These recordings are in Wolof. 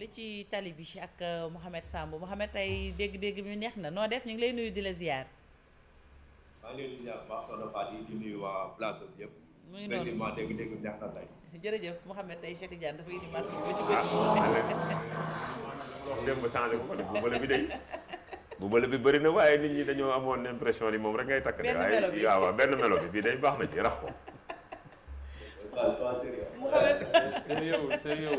li ci tali bi ak euh, Mouhamed Samb Mouhamed tey dégg-dégg bi neex na noo def ñu ngi lay nuyu di la ziar. maa a leen di ziar baax soxna Fadi tey. jërëjëf Mouhamed tey Cheikh Tidiane dafa indi masque bi ba ci bëccëg. Ah. waaw ah, wax de bu bële bi dey bu bële waaye nit ñi dañoo amoon impression ni moom rek ngay takk. benn waaye waaw benn melo bi bii day baax na ci rax ko. sérieux sérieux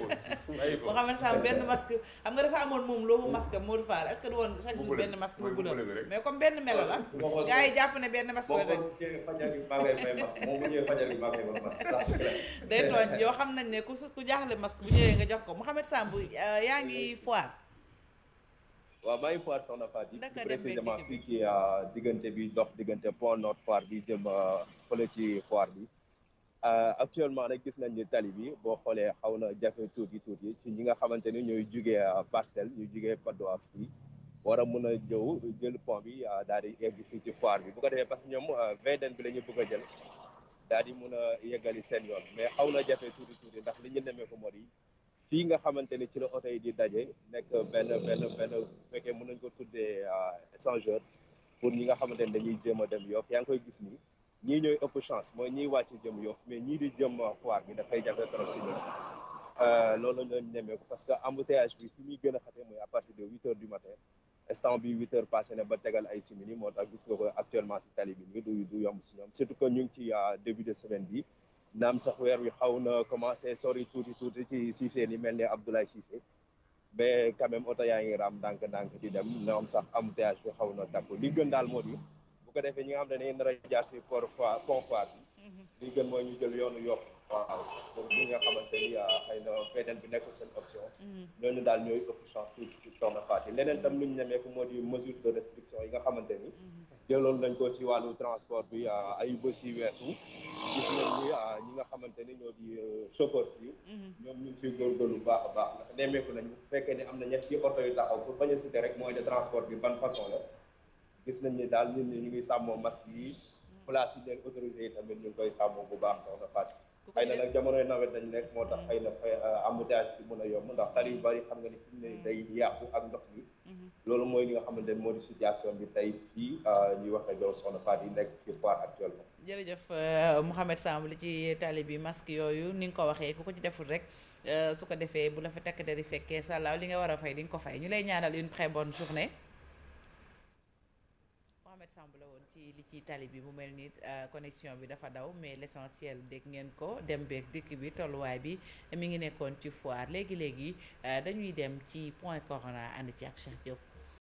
benn masque xam nga dafa amoon moom loobu masque Modou Fall est que du woon chaque jour benn masque bu bulal mais comme benn melo la gars yi jàpp ne benn masque la rek day tooñ yow xam nañ ne ku su ku jaaxle masque bu ñëwee nga jox ko Mouhamed Samb euh, yaa ngi foire waaw maa ngi foire soxna Fatou yi plus précisément fii ci euh, diggante bi dox diggante pont nord foire bi jëm euh, fële ci foire bi Euh, actuellement nag gis nañ ni tali bi boo xoolee xaw na jafe tuuti tuuti ci ñi nga xamante ni ñooy jugee euh, parcelle ñu jugee Patte d'Oie fii war a mun a jëw jël pont bi euh, daal di yegg fii ci foire bi bu ko defee que ñoom VDN bi la ñu bëgg a daal di mun a yeggali seen yoon mais xaw na jafe tuuti tuuti ndax li ñu nemee ko moo di fii nga xamante ni ci la oto di daje nekk benn benn benn fekkee mën nañ ko tuddee échangeur pour ñi nga xamante ni dañuy jéem a dem Yoff yaa ngi koy gis nii ñii ñooy ëpp chance mooy ñiy wàcc jëm Yoff mais ñii di jëm foire bi dafay jafe trop si ñoom euh, loolu la nemmeeku parce que embouteillage bi fi muy gën a xatee mooy à partir de huit heures du matin instant bi huit heures passé na ba tegal ay simili moo tax gis nga ko actuellement si tali bi nii du du yomb si ñoom surtout que ñu ci euh, début de semaine bi naam sax weer wi xaw na commencé sori tuuti tuuti ci Cissé ni mel ne Abdoulaye Cissé mais quand même yaa ngi raam ndànk-ndànk di dem ñoom sax embouteillage bi xaw na takku li gën daal moo di. bu ko defee ñi nga xam ne dañuy nar a jaar si mm-hmm. ñu jël yoonu yopp waaw pour ñi nga xamante ni ah, xëy na beneen bi nekkul seen option mm-hmm. ñooñu daal ñooy ëpp chance tuuti ci soxna Faty leneen tam lu ñu moo di mesure de restriction yi nga xamante ni mm-hmm. jëloon nañ ko ci wàllu transport bi ah, ay bës yi weesu gis ah, ñi nga xamante ni ñoo di euh, chauffeurs yi ñoom ñu ngi ciy góorgóorlu bu baax baax ndax nemeeku nañ fekkee ni am na ñett ci oto taxaw pour bañ a citer rek mooy de transport bi ban façon la gis nañ ne daal nit ñi ñu ngi sàmmoo masque yi mm. place yi leen autorisé yi tamit bu baax soxna Fatou xëy na jamonoy nawet dañ nekk moo tax xëy na mm. euh, embouteillage bi mën a yomb ndax tali yu bari xam nga ni fi ne mm. day yàqu ak ndox mi mm-hmm. loolu mooy li nga xamante ne moo di situation bi tey fii euh, ñuy wax ak yow soxna Fatou yi nekk ci foire actuellement jërëjëf euh, Mouhamed Samb li ci tali bi masque yooyu ni nga ko waxee ku ko ci deful rek su ko defee bu la fa takk dari fekkee sàllaaw li nga war a fay di nga ko fay ñu lay ñaanal une très bonne journée ensemble la woon ci li ciy tali bi bu mel ni euh, connexion bi dafa daw mais l' essentiel dégg ngeen ko dem beek dikk bi tolluwaay bi mi ngi nekkoon ci foire léegi léegi euh, dañuy dem ci point corona ànd ci ak Cheikh Diop.